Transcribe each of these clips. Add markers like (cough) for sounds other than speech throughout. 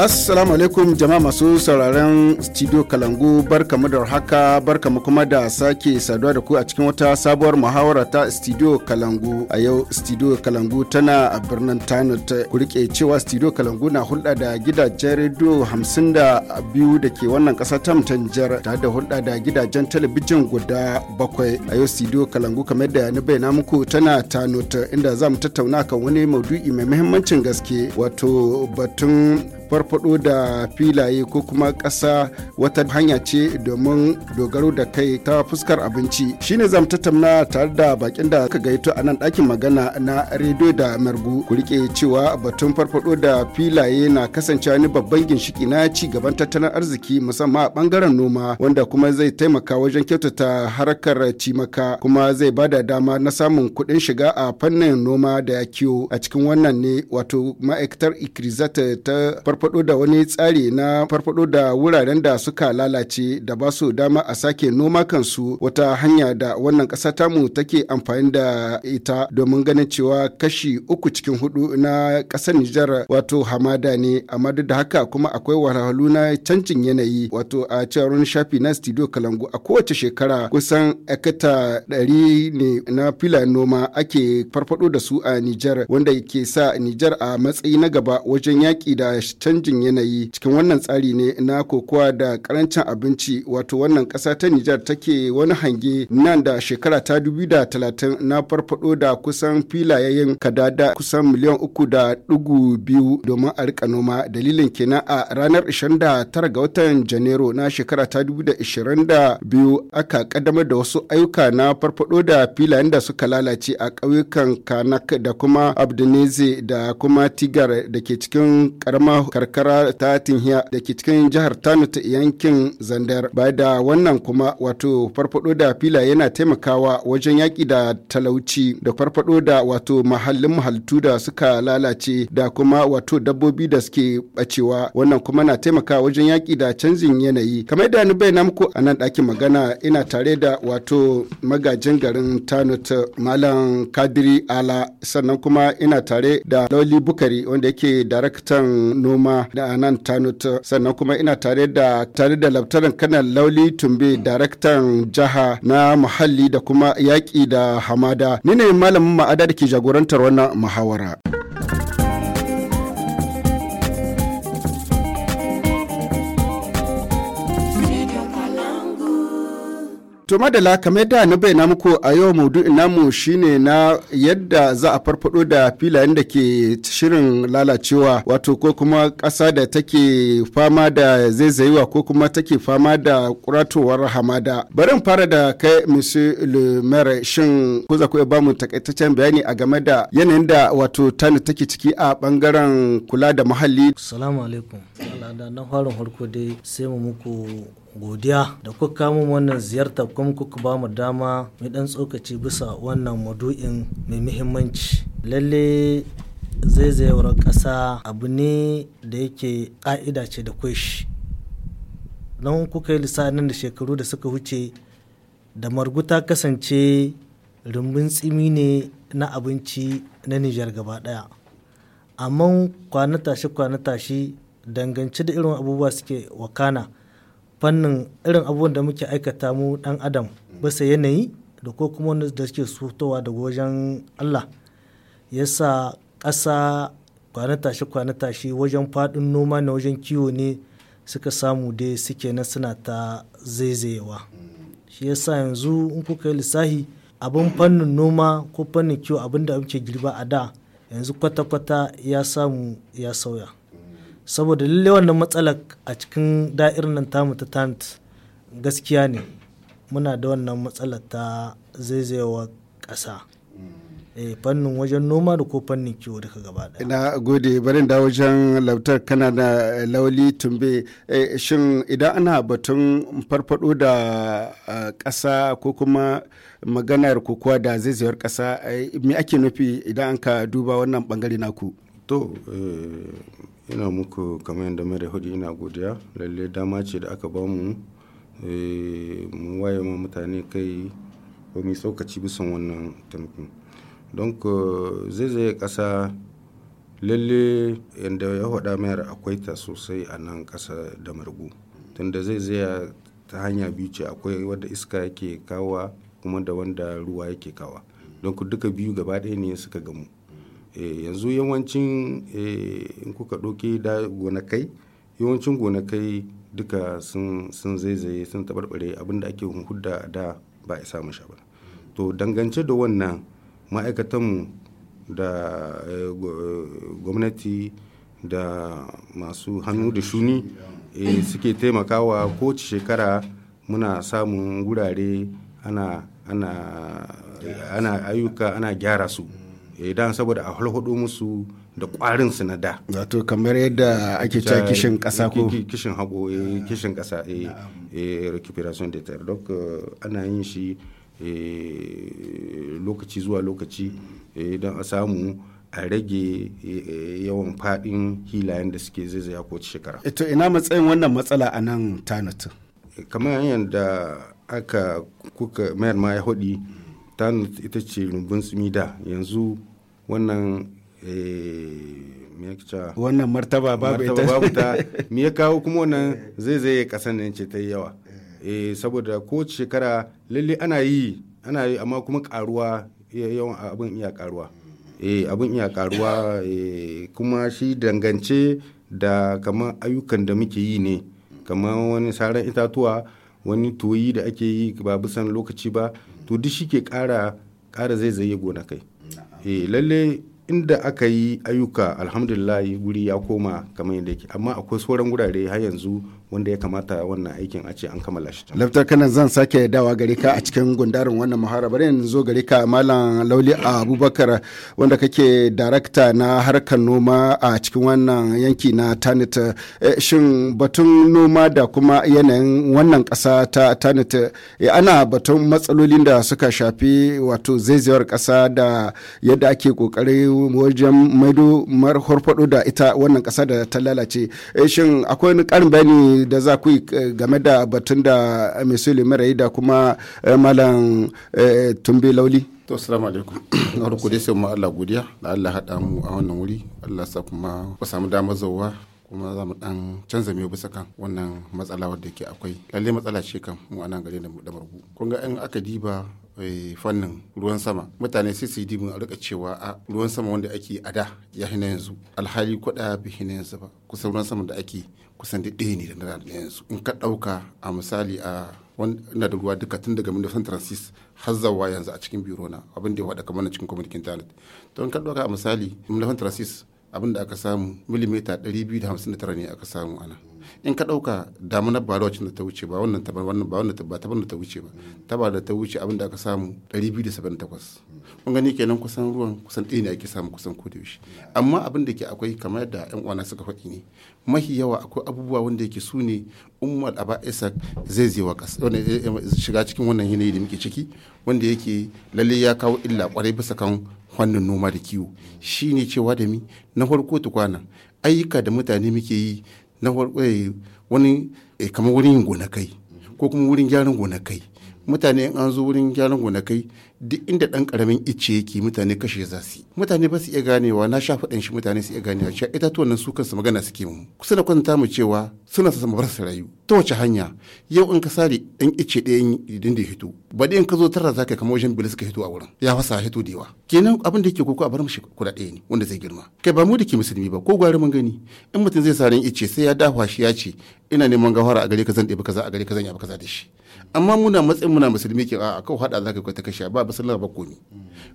Assalamu alaikum jama'a masu sauraron studio Kalangu barkamu da haka barkamu kuma da sake saduwa da ku a cikin wata sabuwar muhawara ta studio Kalangu a yau studio Kalangu tana a birnin tano ta rike cewa studio Kalangu na hulɗa da gidajen rediyo hamsin da biyu da ke wannan ƙasa ta mutanjar tare da hulɗa da gidajen talabijin guda bakwai a yau studio Kalangu kamar da ni bayyana muku tana ta inda za mu tattauna kan wani maudu'i mai muhimmancin gaske wato batun farfado da filaye ko kuma ƙasa wata hanya ce domin dogaro da kai ta fuskar abinci shine zamu tattauna tare da bakin da aka gaito a nan ɗakin magana na rediyo da margu ku rike cewa batun farfado da filaye na kasancewa ni babban ginshiki na ci gaban tattalin arziki musamman a bangaren noma wanda kuma zai taimaka wajen kyautata harkar cimaka kuma zai bada dama na samun kuɗin shiga a fannin noma da kiwo a cikin wannan ne wato ma'aikatar ikrizata ta farfado farfado da wani tsari na farfado da wuraren da suka lalace da ba su dama a sake noma kansu wata hanya da wannan ƙasa tamu take amfani da ita domin ganin cewa kashi uku cikin hudu na ƙasar Nijar wato hamada ne amma duk da haka kuma akwai wahalhalu na canjin yanayi wato a cewar shafi na studio Kalangu a kowace shekara kusan ekata ɗari ne na filayen noma ake farfado da su a Nijar wanda ke sa Nijar a matsayi na gaba wajen yaƙi da canjin yanayi cikin wannan tsari ne na kokowa da karancin abinci wato wannan ƙasa ta Nijar take wani hange nan da shekara ta talatin na farfado da kusan filayen kadada kusan miliyan uku da dugu biyu domin a rika noma dalilin kenan a ranar 29 ga watan janairu na shekara ta biyu aka kaddamar da wasu ayyuka na farfado da filayen da suka lalace a ƙauyukan kanak da kuma abdineze da kuma tigar da ke cikin karama. karkara ta tinhiya da ke cikin jihar Tano ta yankin Zandar. Bai da wannan kuma wato farfado da fila yana taimakawa wajen yaƙi da talauci da farfado da wato mahallin mahaltu da suka lalace da kuma wato dabbobi da suke bacewa wannan kuma na taimakawa wajen yaƙi da canjin yanayi. Kamar da ni bayyana muku a nan ɗakin magana ina tare da wato magajin garin Tano ta Malam Kadiri Ala sannan kuma ina tare da Lawli Bukari wanda yake daraktan noma kuma da nan tanut sannan kuma ina tare da tare da laftaran kanan lauli tumbe daraktan jaha na muhalli da kuma yaƙi da hamada ni ne malamin ma'ada da ke jagorantar wannan muhawara. To madala kamar da na bayyana muku a yau maudu'in namu shine na yadda za a farfado da filayen da ke shirin lalacewa wato ko kuma ƙasa da take fama da zaizayewa ko kuma take fama da kuratowar hamada. Barin fara da kai Monsieur shin ko za ku iya bamu takaitaccen bayani a game da yanayin da wato tani take ciki a bangaren kula da muhalli. Assalamu alaikum. Allah da na farin farko dai sai mu muku godiya da kuka kama wannan ziyarta kuma kuka ba mu dama mai dan tsokaci bisa wannan madu'in mai muhimmanci lalle zaizayewar ƙasa abu ne da yake ƙa'ida ce da shi don kuka yi lissanin da shekaru da suka wuce. da marguta kasance rumbun tsimi ne na abinci na nijar gaba ɗaya amma kwana tashi kwana tashi dangance da irin abubuwa suke wakana fannin irin abubuwan da muke aikata mu dan adam bisa yanayi da ko kuma wani da suke sutowa daga wajen allah ya sa ƙasa kwana tashi wajen faɗin noma na wajen kiwo ne suka samu dai suke na suna ta zaizayewa shi yasa yanzu in kuka yi lissahi abin fannin noma ko fannin kiwo abin da muke girba a da yanzu kwata-kwata ya samu ya sauya saboda lalle wannan matsalar a cikin da'irin nan tamu ta tant gaskiya ne muna da wannan matsalar ta zaizayewa ƙasa eh, fannin wajen noma da ko fannin kiwo duka gaba da. Ina gode barin da wajen lautar kana da lauli tumbe eh, shin idan ana batun farfado da ƙasa ko kuma maganar kokowa da zaizayar ƙasa eh, me ake nufi idan an ka duba wannan bangare naku? To Ina muku kamar yadda mai hudu ina godiya lalle dama ce da aka bamu eh, mu waye ma mutane kai ba mu tsokaci bisan wannan tamkin don zaizaye ƙasa lalle yadda ya faɗa mayar akwai ta sosai a nan ƙasa da margu tunda zaizaya ta hanya biyu ce akwai wadda iska yake kawa kuma da wanda ruwa yake kawa don duka biyu gaba ɗaya ne suka gamu Eh, yanzu yawancin eh, in kuka ɗauke da gonakai yawancin gonakai duka sun zaizaye sun taɓarɓare abinda ake hudda da ba a samu sha to dangance da wannan ma'aikatanmu da eh, gwamnati da masu hannu da shuni suke taimakawa kowace shekara muna samun wurare ana ayyuka ana gyara su idan eh, saboda a hulhudu musu da kwarin su na da wato kamar yadda ake ta kishin kasa ko kishin hako eh, ah. kishin kasa eh, a recuperation de terre Dok ana yin shi lokaci zuwa lokaci don a samu a rage yawan fadin hilayen da suke zaizaya ko shekara ito ina matsayin wannan matsala a nan Tanatu? kamar da aka kuka mayar ma ya hudi tanut ita ce rumbun tsimi da yanzu wannan eh, wannan martaba babu ita babu ta (laughs) me ya kawo kuma wannan zai zai kasan nan ce ta yi yawa eh saboda ko shekara lalle ana yi ana yi amma kuma karuwa yawan abin iya karuwa eh, abin iya karuwa eh, kuma shi dangance da kamar ayyukan da muke yi ne kamar wani saran itatuwa wani toyi da ake yi ba bisan lokaci ba to duk shi ke kara kara zai zai gona kai eh lalle inda aka yi ayyuka alhamdulillah guri ya koma kamar yadda yake amma akwai sauran wurare har yanzu wanda ya kamata wannan aikin a ce an kammala shi. Laftar kanan zan sake dawa gare ka a cikin gundarin wannan muharabar yanzu in zo gare ka Malam Lauli Abubakar wanda kake darakta na harkar noma a cikin wannan yanki na Tanit. Eh, shin batun noma da kuma yanayin wannan ƙasa ta Tanit eh, ana batun matsalolin da suka shafi wato zaizayar ƙasa da yadda ake kokari wajen maido marhorfaɗo da ita wannan ƙasa da ta lalace. Eh, shin akwai wani ƙarin bayani da za ku eh, game da batun da mai sulimai da kuma eh, malam eh, tumbe lauli to salamu alaikum na farko dai sai mu Allah godiya da Allah haɗa mu a wannan wuri Allah sa kuma ku samu damar zauwa kuma za mu dan canza mai bisa kan wannan matsala wadda ke akwai lalle matsala ce kan mu anan gare da margu kun ga in aka diba fannin ruwan sama mutane sai su yi dibin a rika cewa a ruwan sama wanda ake a da ya hina yanzu alhali kwada bai hina yanzu ba kusan ruwan sama da ake kusan da ɗaya ne da na yanzu in ka ɗauka a misali a wanda da ruwa duka tun daga Windows Transis har zawa yanzu a cikin biro na abin da ya faɗa kamar na cikin kwamitin internet to in ka ɗauka a misali Windows Transis abin da aka samu milimita tara ne aka samu ana in ka ɗauka damunar ba wacce da ta wuce ba wannan ba wannan ba wannan ba ta wuce ba ba da ta wuce abin da aka samu biyu da takwas. kun gani kenan kusan ruwan kusan ɗaya ne ake samu kusan ko da yaushe amma abin da ke akwai kamar da yan uwana suka faɗi ne mahi yawa akwai abubuwa wanda yake su ne Umar aba isak zai zai wa eh, shiga cikin wannan yanayi da muke ciki wanda yake lalle ya kawo illa kwarai bisa kan fannin noma da kiwo shi ne cewa da mi na farko tukwana ayyuka da mutane muke yi na eh, wani eh, kamar wurin yin gonakai ko kuma wurin gyaran gonakai mutane an zo wurin gyaran gonakai duk inda dan karamin icce yake mutane kashe za su mutane ba su iya ganewa na sha faɗin shi mutane su iya ganewa cewa tuwon nan su kansu magana suke mu kusa da kwanta mu cewa suna sa bar su rayu ta wace hanya yau in ka sare dan icce ɗayan idan da hito ba in ka zo tara za ka kama wajen bilis ka hito a wurin ya fasa hito da yawa kenan abin da yake koko a bar mishi kuɗa ɗaya ne wanda zai girma kai ba mu da ke musulmi ba ko gwari mun gani in mutum zai sare icce sai ya dafa shi ya ce ina neman gawara a gare ka zan ɗebi kaza a gare ka zan yaba kaza da shi amma muna matsayin muna musulmi ke a kawo haɗa za ka ta kashe ba ba sallar ba komi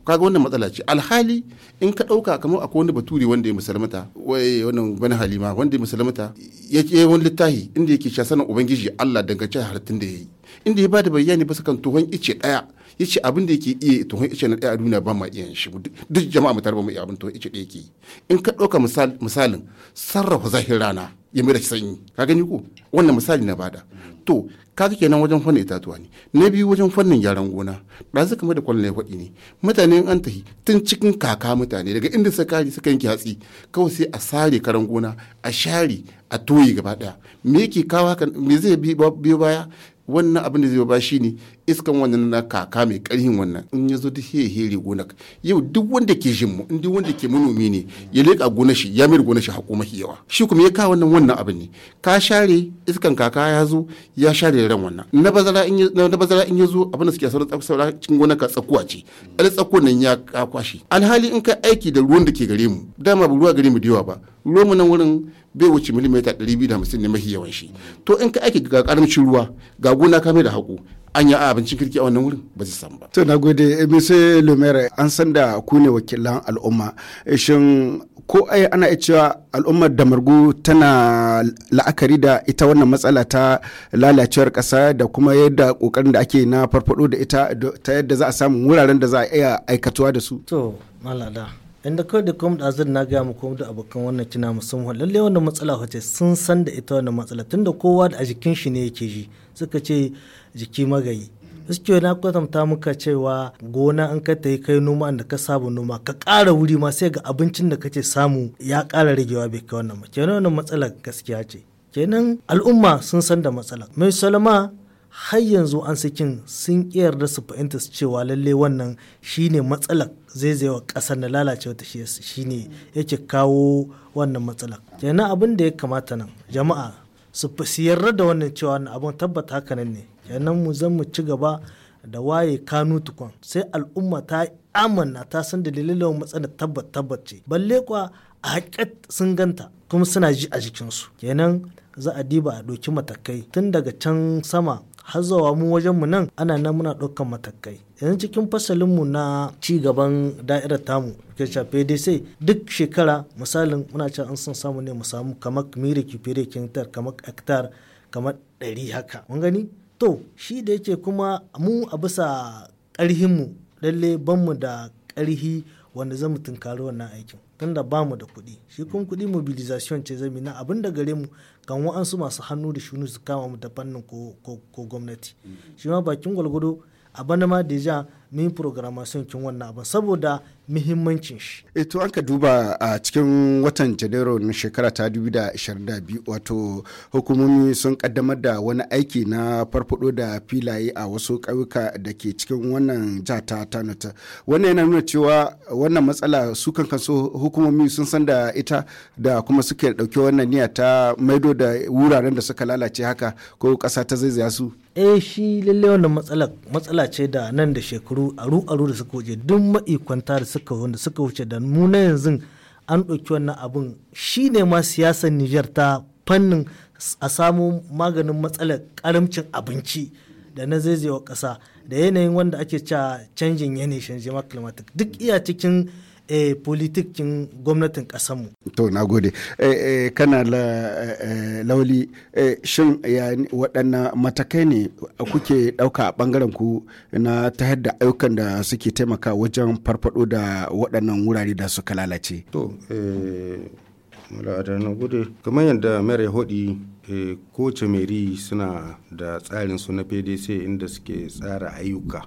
kaga wannan matsala ce alhali in ka dauka kamar akwai wani bature wanda ya musulmata wai wannan bani halima wanda ya musulmata ya ce wani littafi inda yake sha sanin ubangiji Allah dangance halittun da yayi inda ya bada bayani bisa kan tuhon ice daya yace abin da yake iya tuhon ice na daya a duniya ba ma iya shi duk jama'a mu tarba mu iya abin tuhon ice da yake in ka dauka misalin sarrafa zahir rana ya mai da shi sanyi ka gani ko wannan misali na bada to ka ji kenan wajen fannin itatuwa ne na biyu wajen fannin gyaran gona ba su kamar da kwallon faɗi ne mutane an tahi tun cikin kaka mutane daga inda suka kare suka yanke hatsi kawai sai a sare karan gona a share a toye gaba daya me yake kawo me zai biyo baya wannan abin da zai ba shi ne iskan wannan na kaka mai karhin wannan in ya zo duk hehere gonak yau duk wanda ke jin mu duk wanda ke manomi ne ya leka gonar shi ya mai gonar shi haƙo mafi yawa shi kuma ya kawo wannan wannan abin ne ka share iskan kaka ya zo ya share ran wannan na bazara in na bazara in ya zo abin da suke sauran saura cikin gonar ka tsakuwa ce ɗan tsakuwa nan ya akwashe. alhali in ka aiki da ruwan da ke gare mu dama ba ruwa gare mu da yawa ba ruwan mu nan wurin bai wuce milimita 250 ne mafi yawan shi to in ka aiki ga karamcin ruwa ga gona ka da haƙo an yi abincin kirki a wannan wurin ba zai san ba. To na gode eh, Mr. Lumere an san da ku ne wakilan al'umma eh, shin ko ai eh, ana iya cewa al'ummar damargu tana la'akari da ita wannan matsala ta lalacewar ƙasa da kuma yadda ƙoƙarin da ake na farfado da ita ta yadda za a samu wuraren da za a iya aikatuwa da su. To malada. inda kawai da kuma da na gaya mu kuma da abokan wannan kina musamman lallai wannan matsala wace sun san da ita wannan matsala tun da kowa da a jikin shi ne yake ji suka ce jiki magayi suke na kwatanta muka cewa gona an ka ta yi kai noma da ka saba noma ka ƙara wuri ma sai ga abincin da kace samu ya ƙara ragewa bai kai wannan ba kenan wannan matsala gaskiya ce kenan al'umma sun san da matsala. mai salama har yanzu an sakin sun yarda su fahimta cewa lalle wannan shine matsalar wa kasar na lalace lalacewa ta ne yake kawo wannan matsalar kenan abin da ya kamata nan jama'a su yarda da wannan cewa abin tabbata haka nan ne kenan mu zan mu ci gaba da waye kanu tukun sai al'umma ta amanna ta san dalilin matsalar tabbat tabbat ce balle kwa a haƙƙat sun ganta kuma suna ji a jikinsu kenan za a diba a doki matakai tun daga can sama har zawa mu wajen mu nan ana nan muna ɗaukan matakai yanzu cikin fasalin mu na ci gaban da'irar tamu ke shafe dai sai duk shekara misalin muna cewa an san samu ne mu samu kamar mire kifere kintar kamar hektar kamar ɗari haka mun gani to shi da yake kuma mu a bisa ƙarhin mu lalle ban mu da ƙarhi wanda zamu tunkari wannan aikin tunda ba mu da kuɗi shi kuma kuɗi mobilization ce zami na abin da gare mu kan wa'ansu masu hannu da shunu su kama mu da fannin ko gwamnati shi ma bakin gwalgwado a bana ma deja min programmation kin wannan abin saboda muhimmancin shi. Eto eh, an ka duba a cikin watan Janairu na shekara ta 2022 wato hukumomi sun kaddamar da wani aiki na farfado da filaye a wasu ƙauyuka da ke cikin wannan ja ta ta Wannan yana nuna cewa wannan matsala su kan hukumomi sun san da ita da kuma suke ɗauki wannan niyya ta maido da wuraren da suka lalace haka ko ƙasa ta zaizaya su. eh shi lalle wannan matsala ce da nan da shekaru aru aru da suka waje duk ma'ikwanta da suka wanda suka wuce da mu na yanzu an ɗauki wannan abin shi ne ma siyasar Nijar ta fannin a samu maganin matsalar karamcin abinci da na zaizayewa ƙasa da yanayin wanda ake cewa canjin yanayi shanje climatic duk iya cikin eh, politikin gwamnatin kasanmu. To, na gode. Eh, eh, kana lauli, eh, eh, shin waɗannan matakai ne kuke ɗauka a ɓangaren ku na ta yadda ayyukan da suke taimaka wajen farfaɗo da waɗannan wurare da suka lalace? To, na gode. Kamar yadda mayar ya hoɗi kowace meri suna da tsarin su na PDC inda suke tsara ayyuka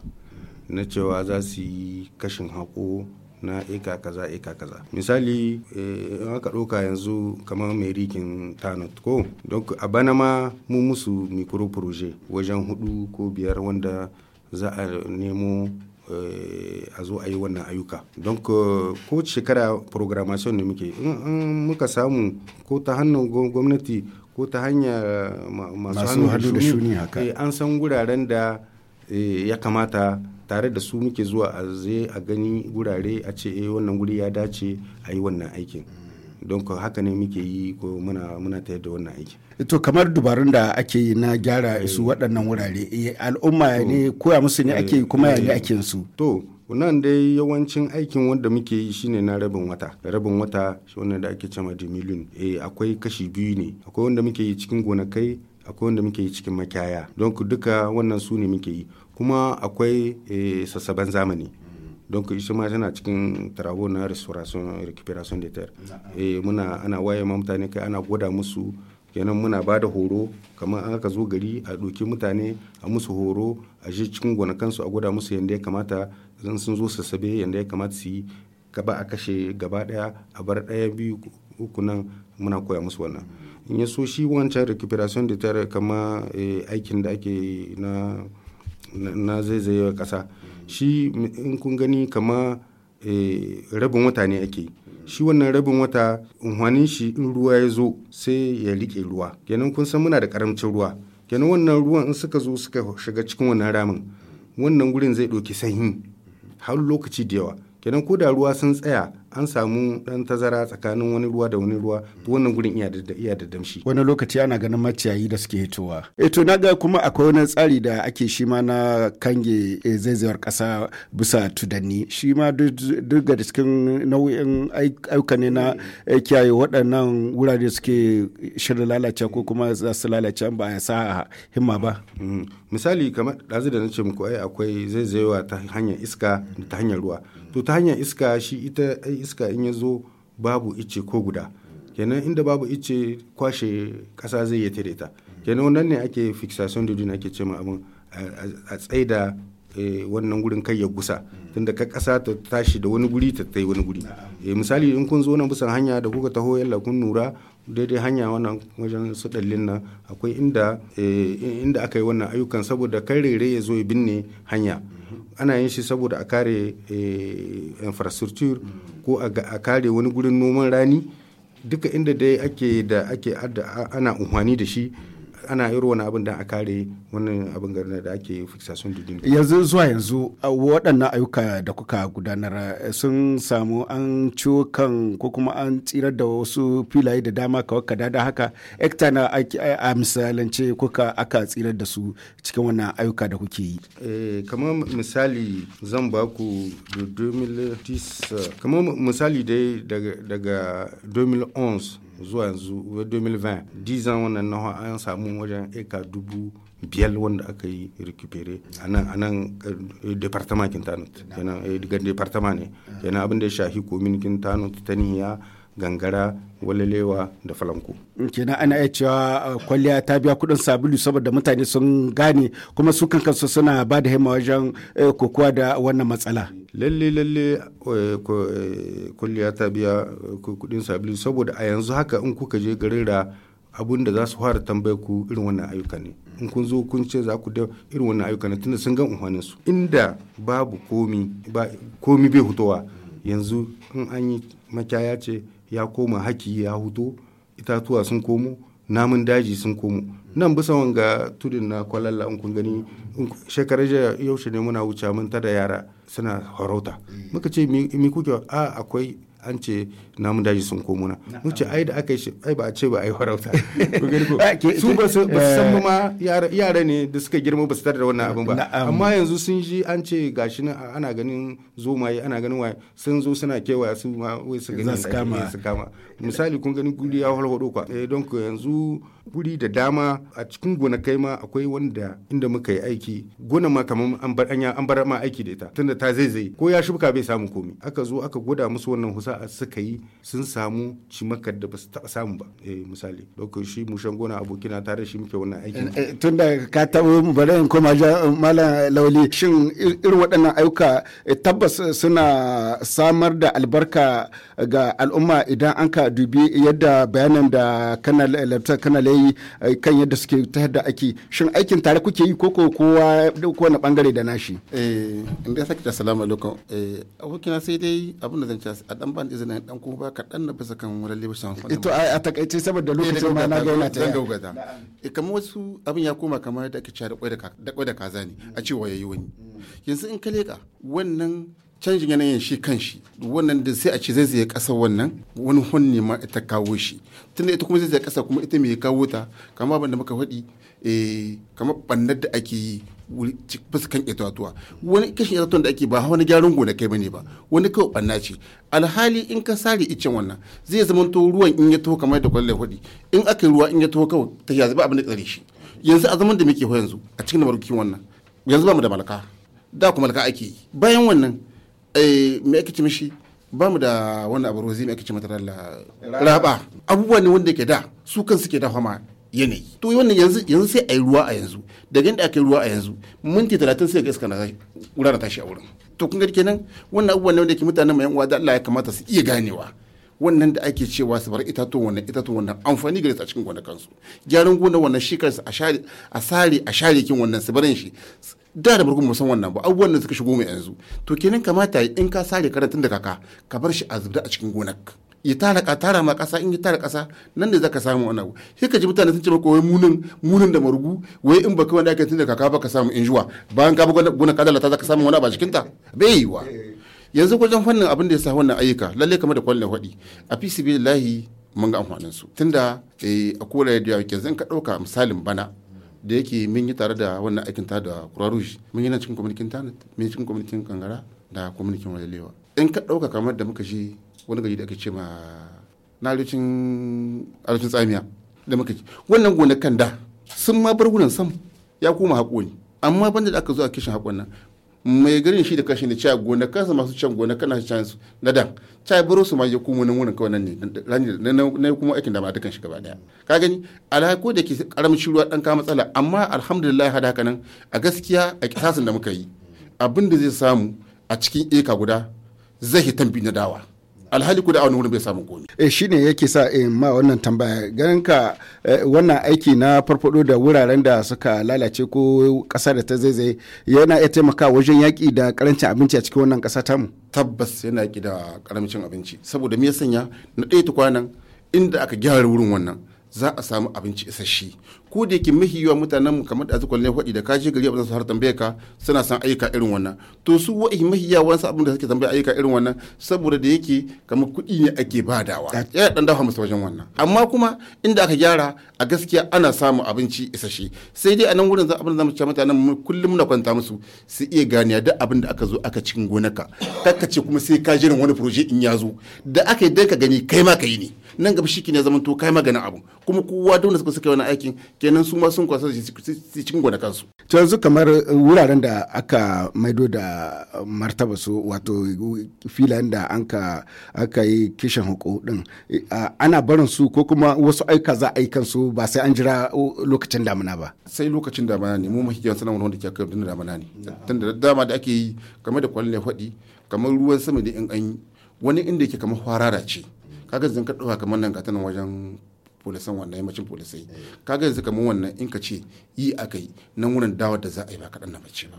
na cewa za su yi kashin haƙo na eka kaza eka kaza misali eh, in aka ɗauka yanzu kamar mai rikin tanut ko don a bana ma mu musu micro projet wajen hudu ko biyar wanda za a nemo eh, a zo a yi wannan ayyuka don ko shekara programmation ne muke in muka samu ko ta hannun gwamnati ko ta hanyar masu hannun da shuni eh, an san wuraren da ya kamata tare da su muke zuwa a zai a gani gurare a ce eh wannan guri ya dace a yi wannan aikin don ko haka ne muke yi ko muna muna tayar da wannan aikin to kamar dubarun da ake yi na gyara eh. su waɗannan wurare eh, al'umma ne koya musu ne ake yi kuma ya ne eh. ake su to nan dai yawancin aikin wanda muke yi shine na rabin wata rabin wata shi wannan da ake da dimilin eh akwai kashi biyu ne akwai wanda muke yi cikin gonakai akwai wanda muke yi cikin makiyaya don ku duka wannan su ne muke yi kuma akwai eh, sassaban zamani don ishe ma tana cikin tarabo na restoration recuperation de terre eh muna ana waye ma mutane kai ana gwada musu kenan muna ba da horo kamar an aka zo gari a ɗauki mutane a musu horo a je cikin gonakansu a gwada musu yadda ya kamata zan sun zo sassabe yadda ya kamata su yi gaba a kashe gaba daya a bar daya biyu uku nan muna koya musu wannan in ya shi wancan recuperation de terre kama eh, aikin da ake na na zaizayewa kasa shi in kun gani kama eh, rabin wata ne ake shi wannan rabin wata unhwanin shi in ruwa ya zo sai ya riƙe ruwa kenan kun san muna da karamcin ruwa kenan wannan ruwan in suka zo suka shiga cikin wannan ramin wannan gurin zai ɗauki sanyi har lokaci da yawa kenan ko da ruwa sun tsaya an samu dan tazara tsakanin wani ruwa da wani ruwa to wannan gurin iya da iya da damshi wani lokaci ana ganin maciyayi da suke hitowa eh to naga kuma akwai wani tsari da ake shi ma na kange eh, zaizayar kasa bisa tudanni shi ma duk ga cikin nau'in ayyuka ne na eh, kiyaye waɗannan wurare suke shirin lalace ko kuma za su lalace ba a sa himma ba mm. misali kamar ɗazu da na ce muku ai akwai zaizayewa ta hanyar iska da ta hanyar ruwa to ta hanyar iska shi ita iska in ya zo babu ice ko guda kenan inda babu ice kwashe kasa zai ya tare ta kenan wannan ne ake fixation da ake ce abin a tsaida e, wannan gurin kai ya gusa tunda ka kasa ta tashi da wani guri ta tai wani guri e, misali in kun zo nan bisan hanya da kuka taho yalla kun nura daidai hanya wannan wajen su dallin nan akwai inda e, inda aka yi wannan ayyukan saboda kan rere ya zo ya binne hanya ana yin shi saboda a kare eh, infrastructure ko a kare wani gurin noman rani duka inda dai ake da ake ana amfani da shi ana yi wani abin da a kare wannan abin garin da ake fiksasun dudin yanzu zuwa yanzu waɗannan ayyuka da kuka gudanar eh, sun samu an ciwo kan ko kuma an tsirar da wasu filaye da dama kawai ka da haka ekta na eh, a misalance kuka aka tsirar da su cikin wannan ayyuka da kuke yi eh, kamar misali zan ba ku kamar misali dai daga 2011 zuwa yanzu 2020 dizan wannan nawa an samu wajen eka dubu biyar wanda aka yi recupere a nan a nan eh, departament tanut kenan eh, daga departament ne yana abin da ya shahi komin tanut ta niya gangara walalewa da falanku. kenan ana iya cewa uh, kwalliya ta biya kudin sabulu saboda mutane sun gane kuma su kan kansu suna ba da hima wajen eh, kokowa da wannan matsala lalle lalle eh, eh, kwalliya ta biya kudin sabulu saboda a yanzu haka in kuka je garin da abun da za su fara tambayar ku irin wannan ayyuka ne in kun zo kun ce za ku da irin wannan ayyuka ne tunda sun gan unhwanin su inda babu komi ba komi bai hutowa yanzu in an yi makiyaya ce ya koma haki ya huto itatuwa sun komo namun daji sun komo nan bisa wanga tudun na kwalalla in kun gani shekarar yaushe ne muna wuce mun tada yara suna harauta mm. muka ce mi kuke a ah, akwai an ce namun daji sun komuna na mun ce ai da aka yi ai ba a ce ba ai farauta (laughs) ah, su ba su san eh, ma yara ne da suka girma ba su tar da wannan abin ba amma yanzu sun ji an ce gashi nan ana ganin zomaye ana ganin waye sun zo suna kewaya su ma wai su gani su kama misali kun gani guri ya holhodo kwa eh, don yanzu guri da dama a cikin gonakai ma akwai wanda inda muka yi aiki gona ma kamar an bar anya an bar ma aiki da ita tunda ta zaizaye ko ya shubka bai samu komi aka zo aka gwada musu wannan husa suka yi sun samu cimakar da ba su taɓa samu ba eh misali ɗaukar shi mushan gona abokina tare shi muke wannan aikin eh, eh, tun da ka taɓa bari in koma malam lauli shin irin waɗannan ayyuka eh, tabbas suna samar da albarka ga al'umma idan an ka dubi yadda bayanan da kana kana layi kan yadda suke ta yadda ake shin aikin tare kuke yi koko kowa kowane bangare da nashi eh inda sake da salamu alaikum eh abokina sai dai abin da zan ci a dan ban izinin dan ko ba kaɗan na bisa kan wani libya ito a takaice saboda eh, lokacin ma na ga yana ta gaugata e eh, kamar wasu abin ya koma kamar da ake cewa da kwai da kaza ne a cewa ya yi wani yanzu in ka leƙa wannan canjin yanayin shi kan shi wannan da sai a ce zai kasar wannan wani hunne ma ita kawo shi tunda ita kuma zai kasa kuma ita mai kawo ta kamar abin da muka faɗi eh, kamar ɓannar da ake yi fuskan kan itatuwa wani kashin itatuwan da ake ba wani gyaran gona kai bane ba wani kawai banna ce alhali in ka sare icen wannan zai zama to ruwan in ya taho kamar da kwallon hudi in aka yi ruwa in ya taho kawai ta ya ba abin da tsare shi yanzu a zaman da muke yanzu a cikin marukin wannan yanzu ba mu da malaka da kuma malaka ake yi bayan wannan eh, me ake ci mishi ba mu da wannan abu rozi me ake ci mata raba abubuwa ne wanda ke da su kan suke da fama yanayi to wannan yanzu yanzu sai a yi ruwa a yanzu daga inda aka yi ruwa a yanzu minti talatin sai ga iska na wurare tashi a wurin to kun gani kenan wannan abubuwan ne wanda ke mutanen mai uwa da Allah ya kamata su iya ganewa wannan da ake cewa su bar itatuwan wannan itatuwan wannan amfani gare su a cikin gonakansu gyaran gona wannan shi kansu a share a sare a share kin wannan su barin shi da da barkun musan wannan ba abubuwan da suka shigo mai yanzu to kenan kamata in ka sare karatun da kaka ka bar shi a zubda a cikin gonak ya tara ka tara ma kasa in ya tara kasa nan ne zaka samu wannan abu ka ji mutane sun ce maka wai munin munin da marugu wai in baka wanda ake tunda kaka ka samu injuwa bayan ka buga gona kadala ta zaka samu wani ba cikin ta bai wa. yanzu wajen fannin abin da ya sa wannan ayyuka lalle kamar da kwallon faɗi a fi billahi mun ga amfanin su tunda eh, a kora da yake zan ka dauka misalin bana da yake mun yi tare da wannan aikin ta da kurarushi mun yi nan cikin kwamitin tanit mun cikin kwamitin kangara da kwamitin walelewa in ka dauka kamar da muka shi wani gari da ake ce ma na arewacin arewacin tsamiya da muka ci wannan gonakan da sun ma bar wurin sam ya koma haƙo ne amma banda da aka zo a kishin haƙon nan mai garin shi da kashi ne cewa gonakansa masu can gonakan su can su na da ta baro su ma ya koma nan wurin kawai nan ne na kuma aikin da ma dukan shi gaba daya ka gani ko da ke karamcin ruwa dan ka matsala amma alhamdulillah hada haka nan a gaskiya a kisasin da muka yi abin da zai samu a cikin eka guda zai hitan bi na dawa alhali ku da wani wurin bai samu komi. E, eh, shi ne yake sa in ma wannan tambaya ganin ka eh, wannan aiki na farfado da wuraren da suka lalace ko kasa da ta zaizaye yana iya taimaka wajen yaƙi da karancin abinci a cikin wannan ƙasa tamu. Tabbas yana yaƙi da karancin abinci saboda me ya sanya na ɗaya kwanan inda aka gyara wurin wannan za a samu abinci isasshe ko da yake mahi yawa mutanen mu kamar da ne faɗi da kashi gari gari ba su har tambaye ka suna san ayyuka irin wannan to su wa'i mahi yawa wasu abin da suke tambaye ayyuka irin wannan saboda da yake kamar kuɗi ne ake badawa ya dan dafa musu wajen wannan amma kuma inda aka gyara a gaskiya ana samun abinci isashe sai dai a nan wurin za abin da zamu ce mutanen mu kullum muna kwanta musu su iya gani da abin da aka zo aka cikin gonaka kakka ce kuma sai ka jiran wani proje in ya zo da aka yi dai ka gani kai ma ka yi ne nan gaba shi ne zaman to kai gani abu kuma kowa dole suka suka wani aikin kenan su ma sun kwasa su cikin gwada kansu. To yanzu kamar eh, wuraren da aka maido da martaba su wato filayen da an ka aka yi kishin hukudin eh, ana barin su ko kuma wasu aika za a yi kansu ba sai an jira lokacin damina ba. Sai lokacin damina ne mu mahikiyar sanarwar wanda ke da damina ne. Tunda dama da ake yi kamar da kwallon faɗi kamar ruwan sama da in an yi wani inda ke kamar farara ce. Kaga zan ka ɗauka kamar nan ga ta wajen polisan wannan yammacin polisai kaga yanzu kamar wannan in ka ce yi aka yi nan wurin dawar da za a yi ba kaɗan na mace ba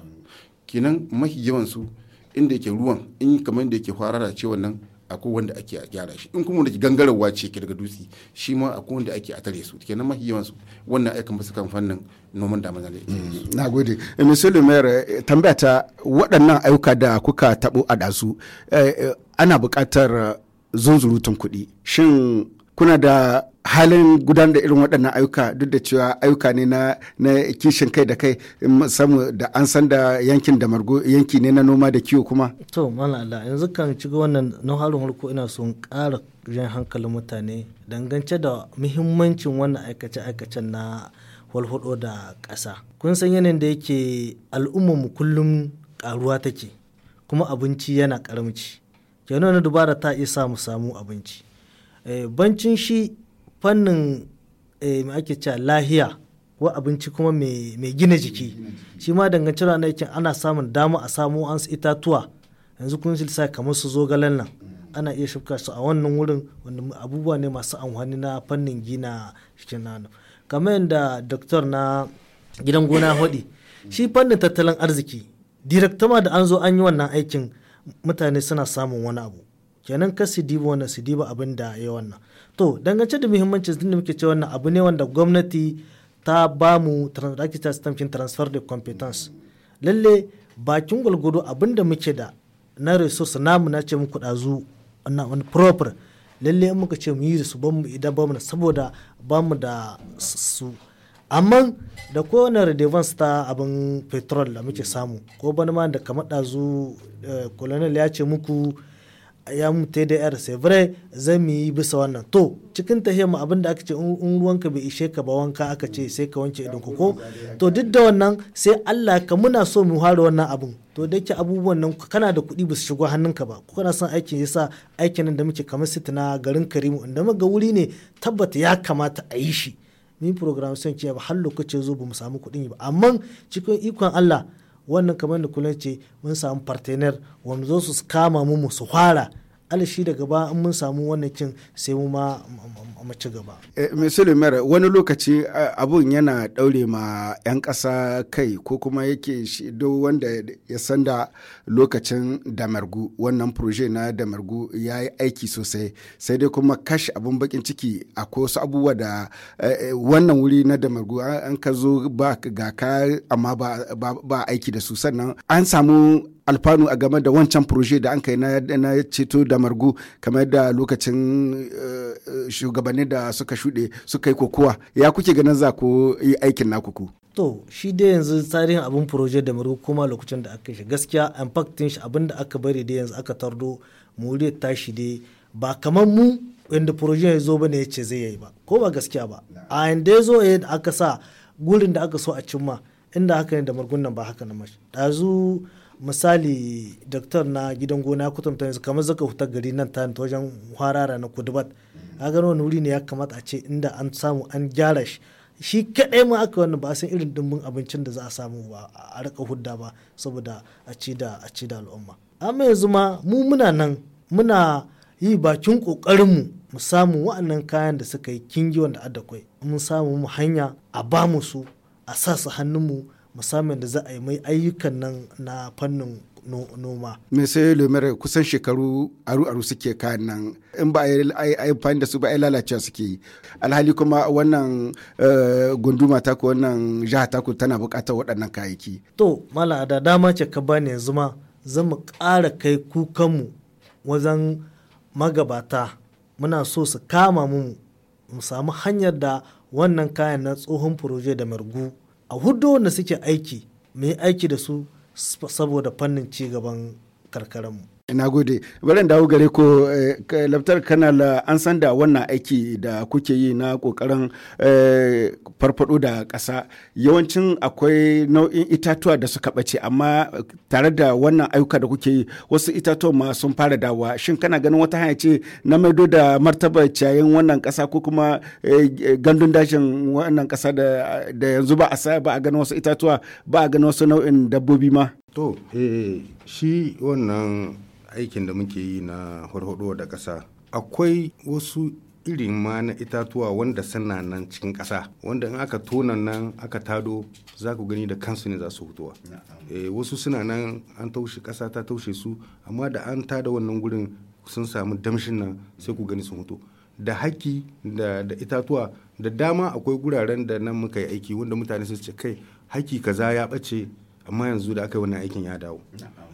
kenan mafi yawan su inda yake ruwan in kamar inda yake fara ce wannan akwai wanda ake a gyara shi in kuma da gangarawa ce ke daga dutse shi ma akwai wanda ake a tare su kenan mafi yawan su wannan aikan basu kan fannin noman damana ne mm, na gode eh, misali mayar eh, tambaya ta waɗannan ayyuka da kuka taɓo a dasu eh, ana buƙatar zunzurutun kuɗi shin kuna da halin gudanar da irin waɗannan ayyuka duk da cewa ayyuka ne na kishin kai da kai musamman da an san da yankin da margo yanki ne na noma da kiwo kuma to Allah yanzu kan ci wannan na harin harko ina son ƙara jan hankalin mutane dangance da muhimmancin wannan aikace-aikacen na walhudo da ƙasa kun san yanayin da yake mu kullum ƙaruwa take kuma abinci yana karamci kenan na dubara ta isa mu samu abinci eh, bancin shi fannin eh, mai ake cewa lahiya ko abinci kuma mai gina jiki shi ma dangance da yake ana samun dama a samu an itatuwa yanzu kun sa kamar su zogalen nan ana iya shuka su a wannan wurin wanda abubuwa ne masu amfani na fannin gina cikin nanu kamar yadda doktor na gidan gona hodi shi fannin tattalin arziki direktama da an zo an yi wannan aikin mutane suna samun wani abu kenan ka su diba wannan su diba abin da ya wannan to dangance da muhimmancin tun da muke cewa wannan abu ne wanda gwamnati ta ba mu system kin transfer da competence lalle bakin gwalgwado abin da muke da na resource namu na ce muku ɗazu wani proper lalle in muka ce mu yi su ban mu idan ba mu saboda ba mu da su amma da kowane redevance ta abin petrol da muke samu ko bani ma da kamar ɗazu eh, colonel ya ce muku ya mu tdr sai vrai zai mu yi bisa wannan to cikin ta mu abin da aka ce in ruwanka bai ishe ka ba wanka aka ce sai ka wanke idon ko to duk da wannan sai allah ka muna so mu hare wannan abun to da ke abubuwan nan kana da kuɗi ba su shigo hannunka ba ko kana son aikin yasa aikin nan da muke kamar Sitina garin karimu inda ga wuri ne tabbata ya kamata a yi shi ni program sun ce ba har lokacin zo ba mu samu kuɗin ba amma cikin ikon allah wannan kamar da kula ce mun samu partener wanda zo su kama mu su fara alashi daga ba in mun samu wannan kin sai mu ma mu ci gaba. Eh, Misali Mer wani lokaci abun yana daure ma 'yan ƙasa kai ko kuma yake shi duk wanda ya san da lokacin damargu wannan proje na damargu ya yi aiki sosai sai dai kuma kashi abun bakin ciki akwai wasu abubuwa da eh, eh, wannan wuri na damargu an ka zo ba ga ka amma ba aiki da su sannan an samu alfanu a game da wancan proje da an kai na ceto da margu kamar da lokacin eh, shugabanni da suka shuɗe suka yi kokowa ya kuke ganin za ku yi aikin naku ku to shi dai yanzu tsarin abin proje da margu kuma lokacin da aka shi gaskiya impactin shi abin da aka bari da yanzu aka tardo muriyar tashi dai ba kamar mu wanda proje ya zo bane ya ce zai yi ba ko ba gaskiya ba a inda ya zo ya aka sa gurin da aka so a cimma inda haka ne da margun nan ba haka na mashi ɗazu misali daktar na gidan gona ya kutumta yanzu kamar zaka hutar gari nan ta wajen harara na kudubat a gano wani wuri ne ya kamata a ce inda an samu an gyara shi shi kaɗai ma aka wannan ba san irin dimbin abincin da za a samu ba a rika hudda ba saboda a ci da a ci da al'umma amma yanzu ma mu muna nan muna yi bakin kokarin mu mu samu wa'annan kayan da suka yi kingi wanda adda kwai mun samu mu hanya a ba mu su a sa su mu. musamman da za a yi mai ayyukan nan na fannin noma. Me sai lumere kusan shekaru aru-aru suke kayan nan in ba a yi amfani da su ba a lalacewa suke yi. Alhali kuma wannan eh, gunduma taku wannan jiha taku tana bukatar waɗannan kayayyaki. To mala da dama ce ka bani yanzu ma zan mu ƙara kai kukanmu wajen magabata muna so su kama mu mu samu hanyar da wannan kayan na tsohon da margu. a hudu wanda suke aiki mai aiki da su saboda fannin cigaban karkaranmu na gode bari dawo gare ku eh, laftar kanal an san da wannan aiki da kuke yi na kokarin eh, farfado da kasa yawancin akwai nau'in itatuwa da suka ɓace amma tare da wannan ayyuka da kuke yi wasu itatuwa ma sun fara dawa shin kana ganin wata hanya ce na maido da martaba ciyayin wannan ƙasa ko kuma eh, gandun dajin wannan ƙasa da yanzu ba a ba a ganin wasu itatuwa ba a ganin wasu nau'in dabbobi ma to eh shi wannan aikin da muke yi na hurhuɗo da ƙasa akwai wasu irin ma na itatuwa wanda suna nan cikin ƙasa wanda in aka tona nan aka tado za ku gani da kansu ne za su hutuwa eh, wasu suna nan an taushe ƙasa ta taushe su amma da an tada wannan gurin sun samu damshin nan sai ku gani sun hutu da haki da, da itatuwa da dama akwai guraren da nan muka yi aiki wanda mutane su ce kai haki kaza ya ɓace amma yanzu da aka yi wannan aikin ya dawo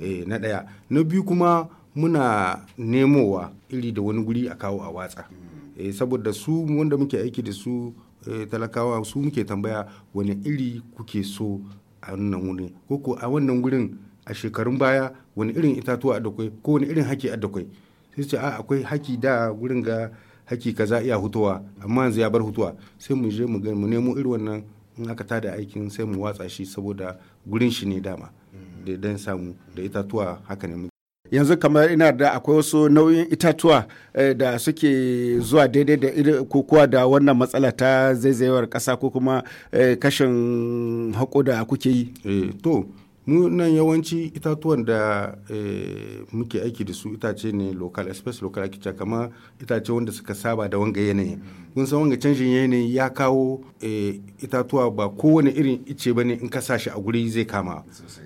eh, na ɗaya na biyu kuma muna nemowa iri da wani guri a kawo a watsa mm. eh, saboda su wanda muke aiki da su eh, talakawa su muke tambaya wani iri kuke so a wannan wurin ko ko a wannan gurin a shekarun baya wani irin itatuwa a dakwai ko wani irin haki a dakwai sai ce a akwai haki da gurin ga haki kaza iya hutuwa amma yanzu ya bar hutuwa sai mu je mu nemo irin wannan in aka tada aikin sai mu watsa shi saboda gurin shi ne dama da dan samu da itatuwa haka ne yanzu kamar ina da akwai wasu nauyin itatuwa eh, da suke zuwa daidai da kokowa da wannan matsala ta zaizayewar kasa ko kuma eh, kashin haƙo da kuke yi eh, to mu nan yawanci itatuwan da eh, muke aiki da su itace ne local especially local ake kama itace wanda suka saba da wanga yanayi kun san wanga canjin yanayi ya kawo eh, itatuwa ba kowane irin ice ne in ka sa a guri zai kama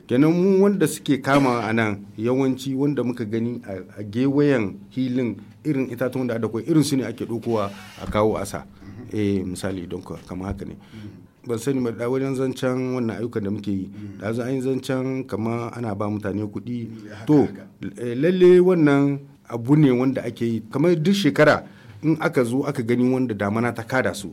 kenan mu wanda suke kama a nan yawanci wanda muka gani a gewayen hilin irin itatuwan da akwai irin su ne ake dokowa a kawo asa mm-hmm. eh, misali don kama haka ne mm-hmm. ban sani ba wajen zancen wannan ayyukan da muke yi da an ayin zancen kama ana ba mutane kuɗi to eh, lalle wannan abu ne wanda ake yi kamar duk shekara in aka zo aka gani wanda damana ta kada su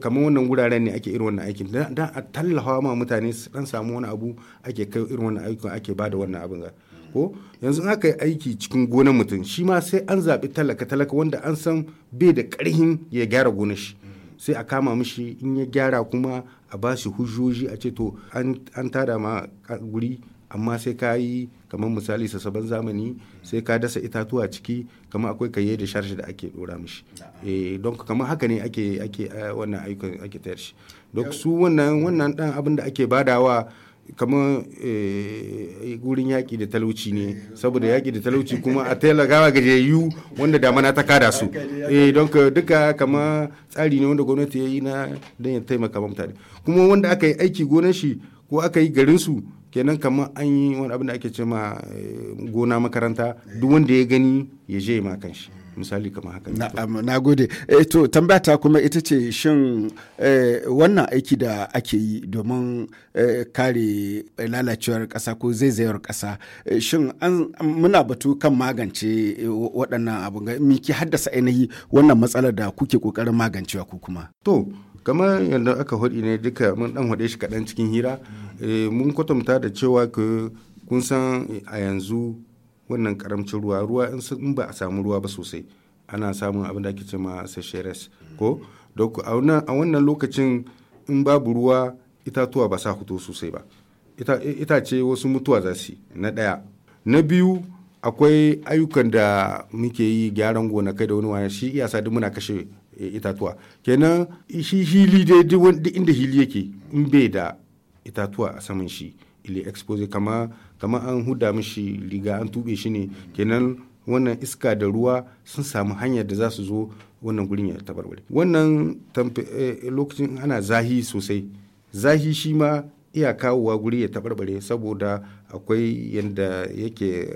kamar wannan wuraren ne ake irin wannan aikin da a tallafa ma mutane su dan samu wani abu ake kai irin wannan ayyukan ake bada wannan abin ga ko yanzu aka yi aiki cikin gonar mutum shi ma sai an zaɓi talaka talaka wanda an san bai da ƙarhin ya gyara gonar shi sai a kama mishi in ya gyara kuma a ba shi hujjoji a ce to an tada ma guri amma sai ka yi kamar misali sassaban zamani sai ka dasa itatuwa ciki kamar akwai kayye da sharshi da ake dora mishi eh don kamar haka ne ake ake eh, wannan ayyukan ake tayar shi don su wannan wannan dan abin da ake badawa kamar eh, gurin yaƙi da talauci ne saboda yaƙi da talauci kuma a talagawa gajiyayyu wanda damana ta kada su eh don duka kama tsari ne wanda gwamnati ya yi na don ya taimaka mutane kuma wanda aka yi aiki gonar shi ko aka yi garin su kenan kamar an yi wani abin da ake ce ma eh, gona makaranta duk wanda ya gani ya je ma kan shi misali kamar haka na gode e, to tambaya ta kuma ita ce shin eh, wannan aiki da ake yi domin eh, kare lalacewar kasa ko zaizayar kasa shin muna batu kan magance waɗannan abin ga miki haddasa ainihi wannan matsalar da kuke kokarin magancewa ko kuma to kamar yadda aka hudi ne duka mun dan hode shi kaɗan cikin hira mun kwatanta da cewa kun san a yanzu wannan karamcin ruwa ruwa in ba a samu ruwa ba sosai ana samun abin da ake ce ma seychelles ko dok a wannan lokacin in babu ruwa itatuwa ba sa fito sosai ba itace wasu mutuwa za su na ɗaya na biyu akwai ayyukan da muke yi gyaran gona kai da wani wani shi iyasa duk muna kashe e, itatuwa kenan shi hili dai duk inda hili yake in bai da itatuwa a saman shi ile expose kama kama an huda mishi riga an tube shi ne kenan wannan iska da ruwa sun samu hanyar da za su zo wannan gurin ya tabarware wannan eh, lokacin ana zahi sosai zahi shi ma iya kawowa guri ya tabarbare saboda akwai yadda yake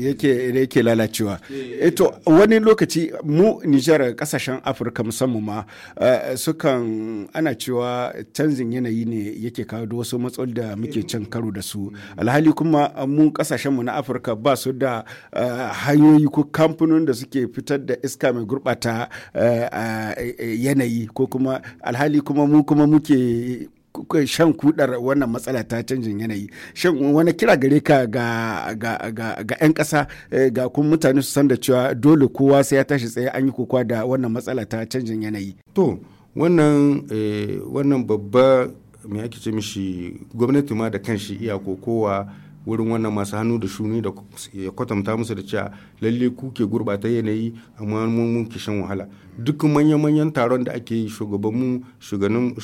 yake yake lalacewa eto eh, wani lokaci mu Nijar kasashen Afirka musamman ma eh, sukan ana cewa canjin yanayi ne yake kawo da wasu matsaloli da muke can karo da su alhali kuma mu kasashen mu na Afirka ba su da eh, hanyoyi ko kamfanonin da suke fitar da iska mai gurbata yanayi ko kuma alhali kuma mu kuma muke shan kudar wannan matsala ta canjin yanayi shan wani kira gare ka ga ga 'yan ƙasa eh, ga kun mutane su san da cewa dole kowa sai ya tashi tsaye an yi kokowa da wannan matsala ta canjin yanayi to wannan eh, wannan babba me ake ce mishi gwamnati ma da kanshi iya kokowa wurin wannan masu hannu da shuni da ya kwatanta musu da cewa lalle ku ke gurbata yanayi amma mun ke shan wahala duk manya manyan taron da ake yi shugabanmu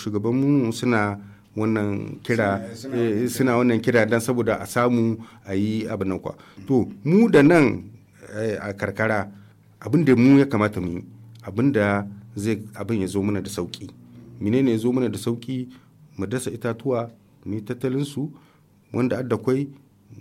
suna wannan kira suna eh, wannan kira dan saboda a samu a yi abu nan kwa to mu da nan eh, a karkara abin da mu ya kamata mu yi abin da zai abin ya zo mana da sauki menene ya zo mana da sauki mu dasa itatuwa mu yi su wanda adda kwai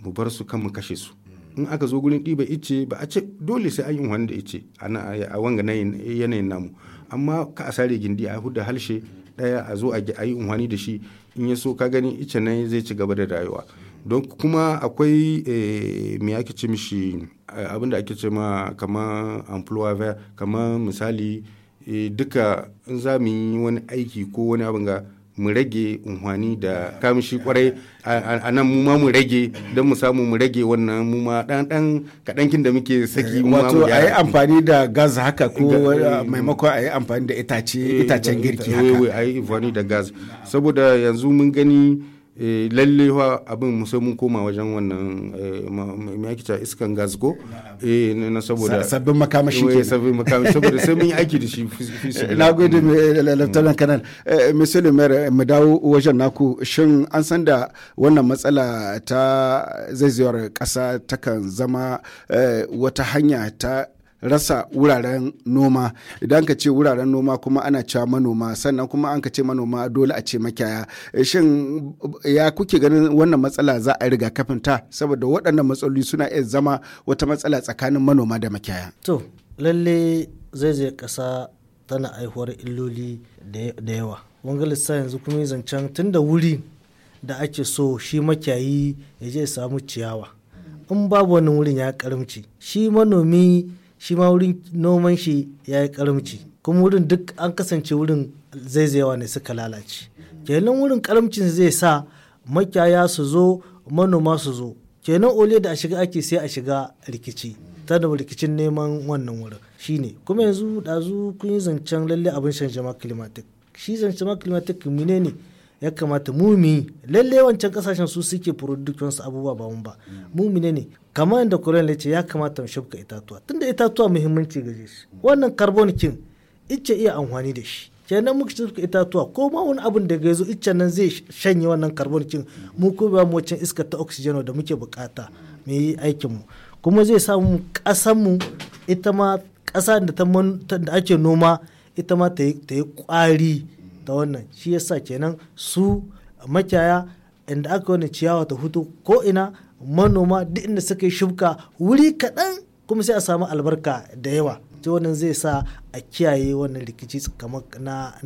mu bar su kan mu kashe su in aka zo gurin ɗiba ice ba a ce dole sai an yi wanda ice a wanga yanayin namu amma ka a sare gindi a huda halshe ɗaya a zo a yi unhwani da shi in ya so ka gani ice nan zai ci gaba da rayuwa don kuma akwai eh, me ake ce mishi eh, abin da ake ce ma kamar employer kamar misali eh, duka in za mu yi wani aiki ko wani abin ga mu rage unhwani da kamshi kwarai a nan mu ma mu rage don mu samu mu rage wannan mu ma dan dan kadankin da muke saki mu wato a yi amfani da gas haka ko eh, maimakon a yi amfani da itace eh, itacen girki eh, haka a yi amfani da gas saboda yanzu mun gani Eh, lalle wa abin musa mun koma wajen wannan eh, mai ta iskan gasgo eh, na saboda sabbin makamashi ke sabbin makamashi saboda sai mun yi aiki da shi na gode lieutenant colonel monsieur le maire mu dawo wajen naku shin an san da wannan matsala ta zaizewar kasa takan zama wata hanya ta rasa wuraren noma idan ka ce wuraren noma kuma ana cewa manoma sannan kuma an ka ce manoma dole a ce makiyaya eh, shin ya kuke ganin wannan matsala za a riga kafin ta saboda waɗannan matsaloli suna iya zama wata matsala tsakanin manoma da makiyaya to lalle zai zai kasa tana aihuwar illoli da yawa wanga lissa yanzu kuma zancen tun da wuri da ake so shi makiyayi ya je samu ciyawa in babu wani wurin ya karamci shi manomi shi ma wurin noman shi ya yi karamci kuma wurin duk an kasance wurin zaizayawa ne suka lalace kenan wurin karamcin zai sa makiyaya su zo manoma su zo kenan ole da a shiga ake sai a shiga rikici ta da rikicin neman wannan wurin shine kuma yanzu ɗazu kun yi zancen lalle abin shan jama climatic shi zancen jama climatic mine ne ya kamata mu lalle wancan kasashen su suke production abubuwa ba mun ba mu ne ne kamar yadda kuren ya ce ya kamata mu shafka itatuwa tunda itatuwa muhimmanci gare shi wannan carbon kin ice iya amfani da shi kenan muka shafka itatuwa ko ma wani abun da ga yazo icce nan zai shanye wannan carbon mu ko ba mu wancan iska ta oxygen da muke bukata mu yi aikin mu kuma zai samu kasan mu ita ma kasa da ta da ake noma ita ma ta yi kwari da wannan shi yasa kenan su makiyaya inda aka wani ciyawa ta hutu ko ina manoma duk inda suka yi shuka wuri kaɗan kuma sai a samu albarka da yawa ta wannan zai sa a kiyaye wannan rikici kamar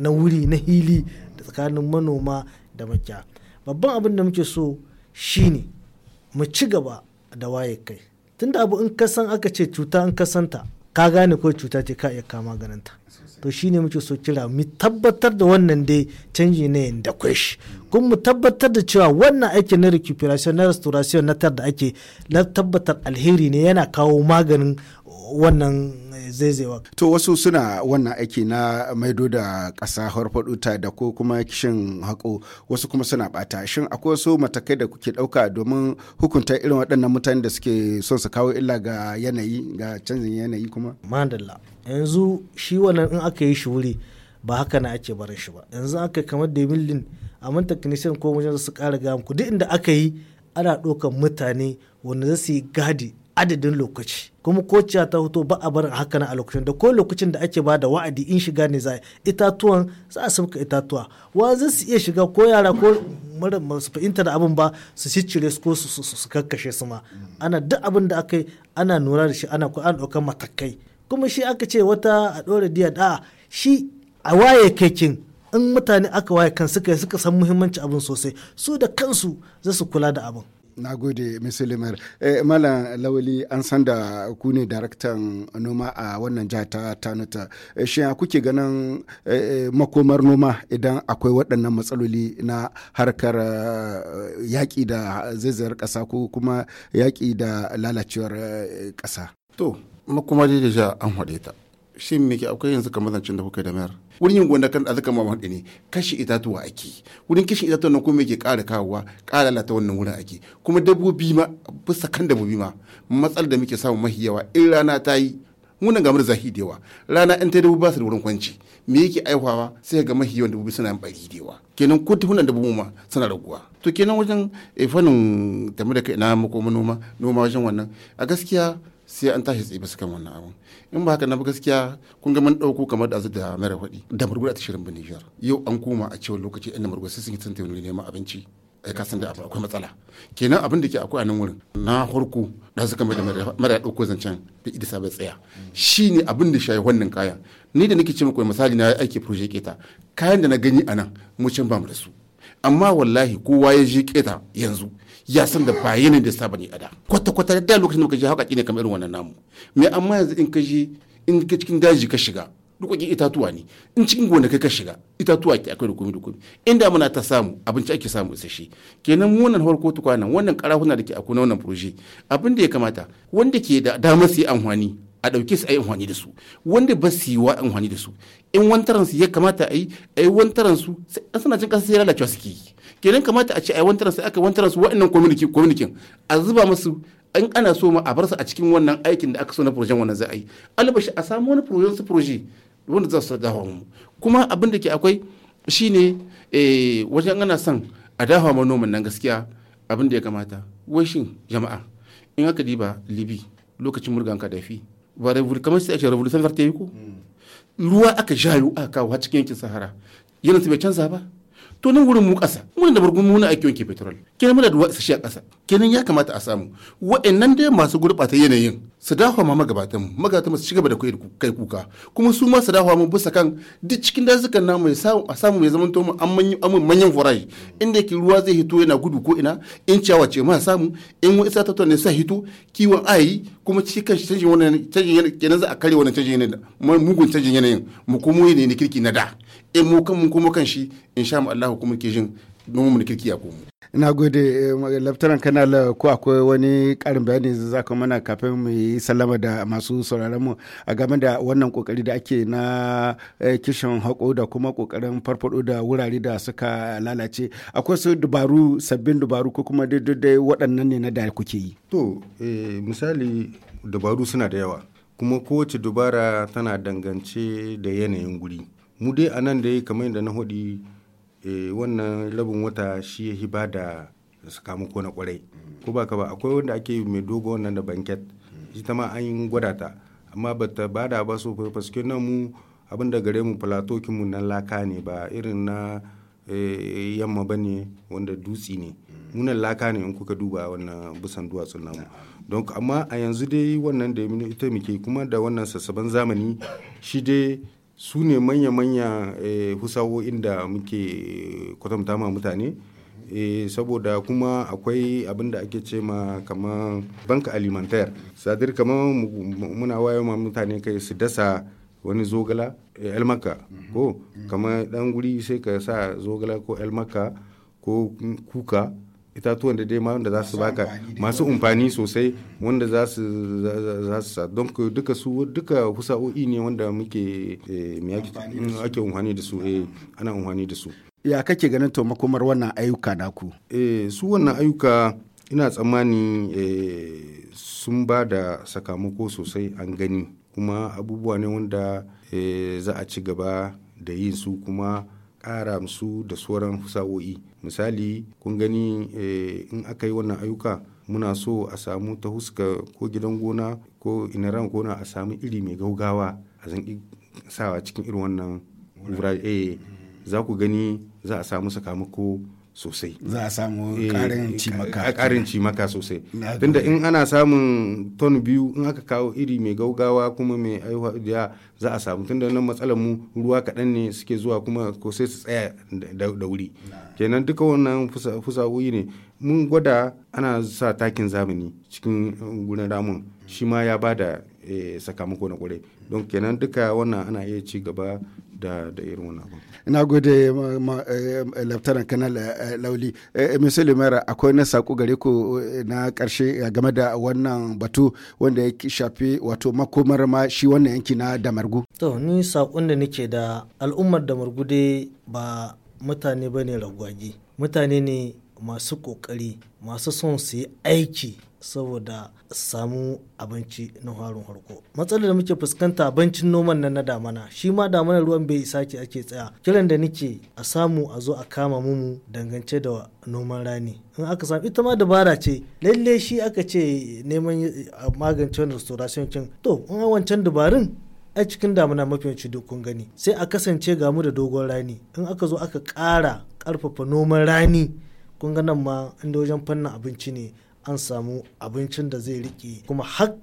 na wuri na hili da tsakanin manoma da makiya babban abin da muke so shine mu ci gaba da waye kai tunda abu in ka aka ce cuta in ka ka gane ko cuta ce ka iya kama ganinta to shine muke so kira mu tabbatar da wannan dai canji ne da kwashi kuma mu tabbatar da cewa wannan aikin na recuperation na restoration na tar da ake na tabbatar alheri ne yana kawo maganin wannan zaizayewa. To wasu suna wannan aiki na maido da ƙasa harfaɗuta da ko kuma kishin haƙo wasu kuma suna ɓata. Shin akwai wasu matakai da kuke ɗauka domin hukunta irin waɗannan mutane da suke son su kawo illa ga yanayi ga canjin yanayi kuma? Madalla yanzu shi wannan in aka yi shi wuri ba haka na ake barin shi ba yanzu aka kamar da millin a man technician ko wajen su ƙara gamu duk inda aka yi ana ɗaukar mutane wanda za yi gadi adadin lokaci kuma kociya ta hoto ba a barin haka na a lokacin da ko lokacin da ake ba da wa'adi in shiga ne za itatuwan za a sauka itatuwa wa za su iya shiga ko yara ko masu fahimta da abin ba su ciccire su ko su kakkashe su ma ana duk abin da aka yi ana nura da shi ana ko an ɗaukar matakai kuma shi aka ce wata a ɗora diya da shi a waye kekin in mutane aka waye kan suka suka san muhimmanci abin sosai su da kansu za su kula da abin na gode musulmar eh, malam lawali an san da ku ne daraktan noma a wannan jihar ta tanuta eh, shi a kuke ganin eh, eh, makomar noma idan akwai waɗannan matsaloli na harkar yaƙi da zaizayar ƙasa ko kuma yaƙi da lalacewar ƙasa to makomar da an haɗe ta shi me ke akwai yanzu kamar zancen da kuka da mayar wurin yin gona kan a ma haɗe ne kashi itatuwa ake wurin kashi itatuwa nan kuma yake ƙara kawowa ƙara lata wannan wurin ake kuma dabbobi ma bisa kan dabbobi ma matsal da muke samu mahi yawa in rana ta yi ga gamar zahi da yawa rana an ta dabbobi ba su da wurin kwanci me yake aiwawa sai ga mahi yawan dabbobi suna bari da yawa kenan ko tuhunan dabbobi ma suna raguwa to kenan wajen eh, fannin tamu da kai na mako manoma noma wajen wannan a gaskiya sai an tashi tsaye basu kan wannan abun in ba haka na gaskiya kun ga mun dauko kamar da azu da mara faɗi da murguda tashirin bin Niger yau an koma a cewa lokaci inda murguda sai sun yi tantan neman abinci ai ka san da akwai matsala kenan abin da ke akwai a nan wurin na harko da su mai da mara dauko zancen da idisa bai tsaya shine abin da shayi wannan kaya ni da nake ce muku misali na aiki project keta kayan da na gani a nan mu can ba mu da su amma wallahi kowa ya je keta yanzu ya san da ba yanayin da saba ne a da kwata kwata da lokacin da muka je haka ne kamar irin wannan namu me amma yanzu in ka je in ka cikin daji ka shiga duk wani itatuwa ne in cikin kai ka shiga itatuwa ke akwai rukumi rukumi inda muna ta samu abinci ake samu isasshe kenan mu wannan harko tukwanan wannan karahuna da ke akwai na wannan proje abin da ya kamata wanda ke da damar su yi amfani a ɗauke su a yi amfani da su wanda ba su yi wa amfani da su in wantaransu ya kamata a yi a yi wantaransu sai suna cin ƙasa sai lalacewa suke yi kenan kamata a ce ai wantaran sai aka wantaran su wa'annan community community a zuba musu in ana so ma a bar su a cikin wannan aikin da aka so na projen wannan za a yi albashi a samu wani project su project wanda za su dawo mu kuma abin da ke akwai shine eh wajen ana son a dafa manoman nan gaskiya abin da ya kamata wai shin jama'a in aka diba libi lokacin murgan ka dafi ba da kamar sai ake revolution zarta yi ko hmm. ruwa aka jayo aka kawo cikin yankin sahara yana su bai canza ba to nan wurin mu ƙasa mun da burgun na ake wanke petrol kenan mun da wasashi a ƙasa kenan ya kamata a samu wa'annan dai masu gurɓata yanayin su dafa ma magabatan magabatan su cigaba da kai kuka kuma su ma su dafa mu bisa kan duk cikin dazukan namu ya samu a samu ya zama to mu an manyan foraji inda yake ruwa zai hito yana gudu ko ina in ciyawa ce ma samu in wani isa tattauna sa hito kiwon ayi kuma cikin kanshi canjin wannan canjin kenan za a kare wannan canjin yanayin mugun canjin yanayin mu kuma yanayin kirki na da in eh, mu kan kuma kan shi insha Allah kuma ke jin nomu da kirki ya komo na gode eh, laftaran kanal ko akwai wani karin bayani za ka mana kafin mu yi sallama da masu sauraron mu a game da wannan kokari da ake na eh, kishin hako da kuma kokarin farfado da wurare da suka lalace akwai su dubaru sabbin dubaru ko kuma daidai waɗannan ne na da kuke yi to misali dubaru suna da yawa kuma kowace dubara tana dangance da yanayin guri mu dai a nan dai kamar yadda na hudi eh, wannan rabin wata shi ya ba da sakamako na kwarai ko ba ka ba akwai wanda ake mai dogo wannan da banket ta ma an yi gwada ta amma ba ta ba da ba so fasikin nan mu abin da gare mu mu na laka ne ba irin na eh, yamma ba ne wanda dutsi ne munan laka ne in kuka duba wannan busan duwatsun namu don amma a yanzu dai wannan da ita muke kuma da wannan sassaban zamani shi dai su ne manya-manya eh, husawo inda muke kwatanta ma mutane eh, saboda kuma akwai abin da ake ce ma kamar banka alimantar sadir kamar muna wayo ma mutane kai su dasa wani zogala elmaka eh, mhm. ko mhm. kamar dan guri sai ka sa zogala ko elmaka ko kuka itatuwan da dai ma wanda za su baka masu umfani sosai wanda za su sa don duka su duka husa'o'i ne wanda muke eh, ake umfani da su eh, ana umfani da su ya kake ganin to makomar wannan ayyuka naku eh, su wannan ayyuka ina tsammani sun ba da sakamako sosai an gani kuma abubuwa ne wanda za a ci gaba da yin su kuma ƙara musu da sauran sa'o'i misali kun gani eh, in aka yi wannan ayyuka muna so a samu ta huska ko gidan gona ko inaran gona a samu iri mai gaugawa a zanki sawa cikin irin wannan wurare eh, za ku gani za a samu sakamako sosai za a samu karin eh, cimaka sosai tunda in ana samun ton biyu in aka kawo iri mai gaugawa kuma mai aihuwa da za a samu tunda nan matsalar mu ruwa kaɗan ne suke zuwa kuma ko sai su tsaya da wuri kenan duka wannan fusawoyi ne mun gwada ana sa takin zamani cikin gurin ramun shi ma ya bada eh, sakamako na kwarai don kenan duka wannan ana iya ci gaba da irin wani abu ina gode eh, laftaran kanal eh, lauli eh, mr lumera akwai na sako gare ku na ƙarshe game da wannan batu wanda ya shafi wato makomar ma shi wannan yanki na damargu to ni sakon da nake da al'ummar damargu dai ba mutane ba ne ragwagi mutane ne masu ƙoƙari masu son su yi aiki saboda samu abinci na harin harko matsalar da muke fuskanta abincin noman nan na damana shi ma damanar ruwan bai isa ke ake tsaya kiran da nake a samu a zo a kama mumu dangance da noman rani in aka samu ita ma dabara ce lalle shi aka ce neman magance wani restoration kin to in wancan dabarun a cikin damana mafi yawanci duk kun gani sai a kasance ga mu da dogon rani in aka zo aka ƙara ƙarfafa noman rani kun ga nan ma inda wajen fannin abinci ne an samu abincin da zai rike kuma har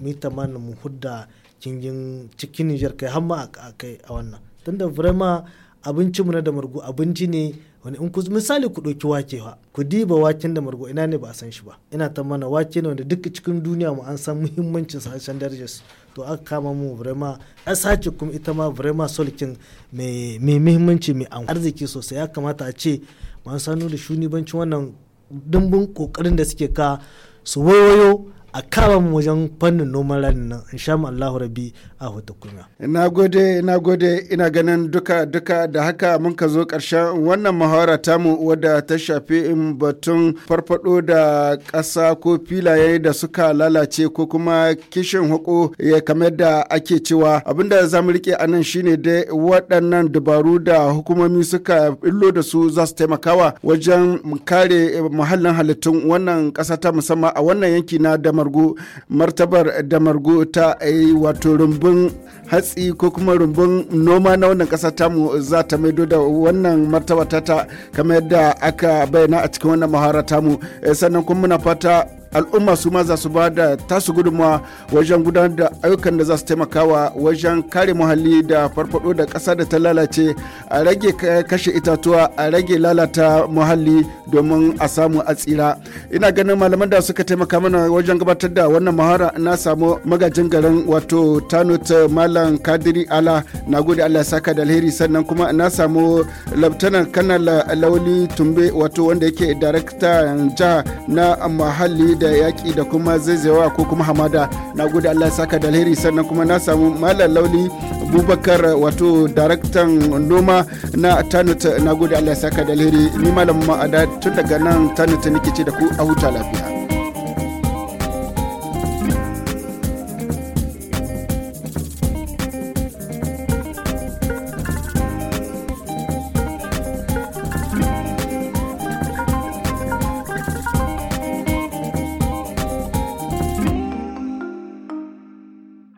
mita mana mu hudda cikin cikin Nijar kai har ma a kai a wannan tunda vraiment abinci mu na da margo abinci ne wani in ku misali ku ɗauki wake fa ku diba waken da margo ina ne ba a san shi ba ina ta mana wake ne wanda duk cikin duniya mu an san muhimmancin sa san darajar su to aka kama mu vraiment ƙasa ce kuma ita ma vraiment solkin mai muhimmanci mai arziki sosai ya kamata a ce mu an sanu da shuni bancin wannan dimbin kokarin da suke ka su waiwayo a kama mu wajen fannin noman ranin nan in sha mu Allahu rabbi a hoto kunya. na gode na gode ina ganin duka duka da haka mun ka zo karshen wannan muhawara mu wadda ta shafi in batun farfado da ƙasa ko filaye da suka lalace ko kuma kishin huku ya eh, kamar da ake cewa abinda za mu rike anan shine dai waɗannan dabaru da hukumomi suka illo da su za su taimakawa wajen kare eh, muhallin halittun wannan ƙasa ta musamman a wannan yanki na damar damargu martabar damargu ta eh, wato rumbun hatsi ko kuma rumbun noma na wannan ƙasa tamu za ta maido da wannan martaba ta kamar yadda aka bayyana a cikin wannan mahara mu eh, sannan kuma muna fata al'umma su ma za su ba da tasu gudunmawa wajen gudanar da ayyukan da za su taimakawa wajen kare muhalli da farfado da ƙasa da ta lalace a rage kashe itatuwa a rage lalata muhalli domin a samu a tsira ina ganin malaman da suka taimaka mana wajen gabatar da wannan mahara na samu magajin garin wato tanut malam kadiri ala na gode allah saka da alheri sannan kuma na samu labtanan kanal lauli tumbe wato wanda yake darakta jiha na muhalli da yaƙi da kuma zaizayawa ko kuma hamada na gode allah saka da alheri sannan kuma na samu malam lauli abubakar wato daraktan noma na tanut na gode allah saka da alheri ni malam ma'ada tun daga nan tanut nake ce da ku a huta lafiya